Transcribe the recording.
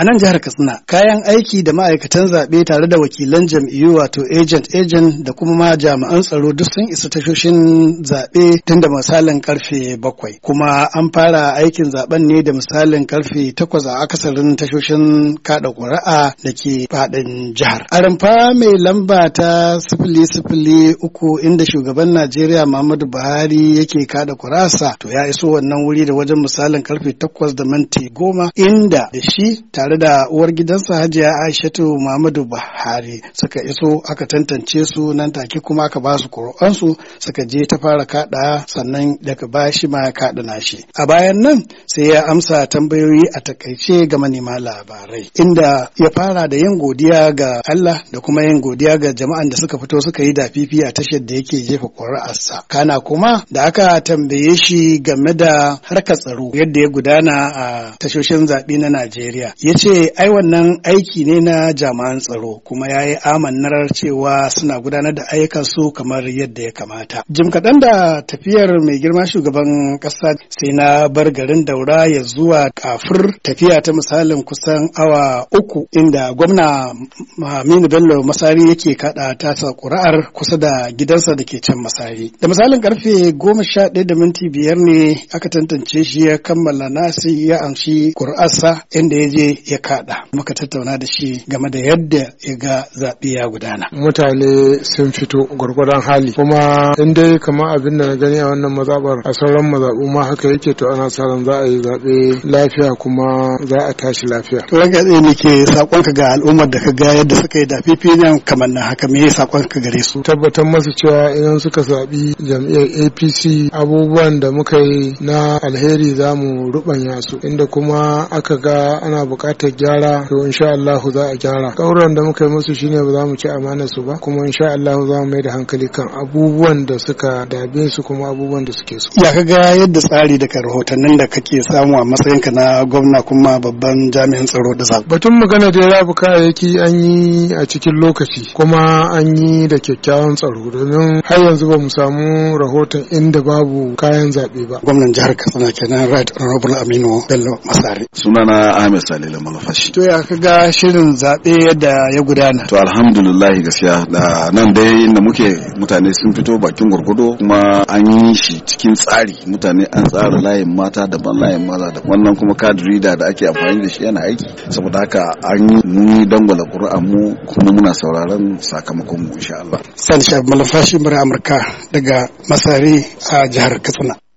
A nan jihar Katsina, kayan aiki da ma'aikatan zaɓe tare da wakilan jam'iyyu wato agent agent da kuma ma jami'an tsaro duk sun isa tashoshin zaɓe tun da misalin karfe bakwai. Kuma an fara aikin zaɓen ne da misalin karfe takwas a akasarin tashoshin kaɗa ƙuri'a da ke faɗin jihar. A rumfa mai lamba ta sifili sifili uku inda shugaban Najeriya Muhammadu Buhari yake kaɗa ƙuri'arsa to ya iso wannan wuri da wajen misalin karfe takwas da minti goma inda da shi tare da uwar gidansa hajiya aishatu muhammadu buhari suka iso aka tantance su nan take kuma aka ba su suka je ta fara kaɗa sannan daga ba shi ma kaɗa nashi a bayan nan sai ya amsa tambayoyi a takaice ga manema labarai inda ya fara da yin godiya ga Allah da kuma yin godiya ga jama'an da suka fito suka yi dafifi a tashar da yake jefa ƙuri'arsa kana kuma da aka tambaye shi game da harkar tsaro yadda ya gudana a tashoshin zaɓe na Najeriya ya ce ai wannan aiki ne na jami'an tsaro kuma ya yi amannar cewa suna gudanar da ayyukansu kamar yadda ya kamata. Jim kaɗan da tafiyar mai girma shugaban ƙasa sai na bar garin daura ya zuwa kafur tafiya ta misalin kusan awa uku inda gwamna Aminu Bello Masari yake kaɗa tasa ƙuri'ar kusa da gidansa da ke can Masari. Da misalin karfe goma sha ɗaya da minti biyar ne aka tantance shi ya kammala nasi ya amshi ƙuri'arsa inda ya je ya kada muka tattauna da shi game da yadda ya ga zaɓe ya gudana mutane sun fito gwargwadon hali kuma in dai kamar abin da na gani a wannan mazabar a sauran mazaɓu ma haka yake to ana sa ran za a yi zaɓe lafiya kuma za a tashi lafiya ga tsaye ne ke saƙonka ga al'ummar da ka ga yadda suka yi da fifiniyan kamar na haka me ya saƙonka gare su tabbatar masu cewa idan suka zaɓi jam'iyyar apc abubuwan da muka yi na alheri za mu ruɓanya su inda kuma aka ga ana buƙatar buƙatar gyara to insha Allah za a gyara kauran da muka yi musu shine ba za mu ci amana su ba kuma insha Allah za mu mai da hankali kan abubuwan da suka dabe su kuma abubuwan da suke so ya kaga yadda tsari daga rahotannin da kake samu a matsayinka na gwamna kuma babban jami'in tsaro da zaɓe batun magana da ya kayayyaki an yi a cikin lokaci kuma an yi da kyakkyawan tsaro domin har yanzu ba mu samu rahoton inda babu kayan zaɓe ba gwamnan jihar Katsina kenan Right Honorable Aminu Bello Masari sunana Ahmed Salila malfashi to ya kaga shirin zaɓe yadda ya gudana to alhamdulillah gaskiya da nan dai inda muke mutane sun fito bakin gwargwado kuma an yi shi cikin tsari mutane an tsara layin mata daban layin maza da wannan kuma kadiri da da ake amfani da shi yana aiki saboda haka an yi muni dangwala ƙuri'an mu kuma muna sauraron sakamakon mu insha Allah Salisha Malfashi Amurka daga Masari a jihar Katsina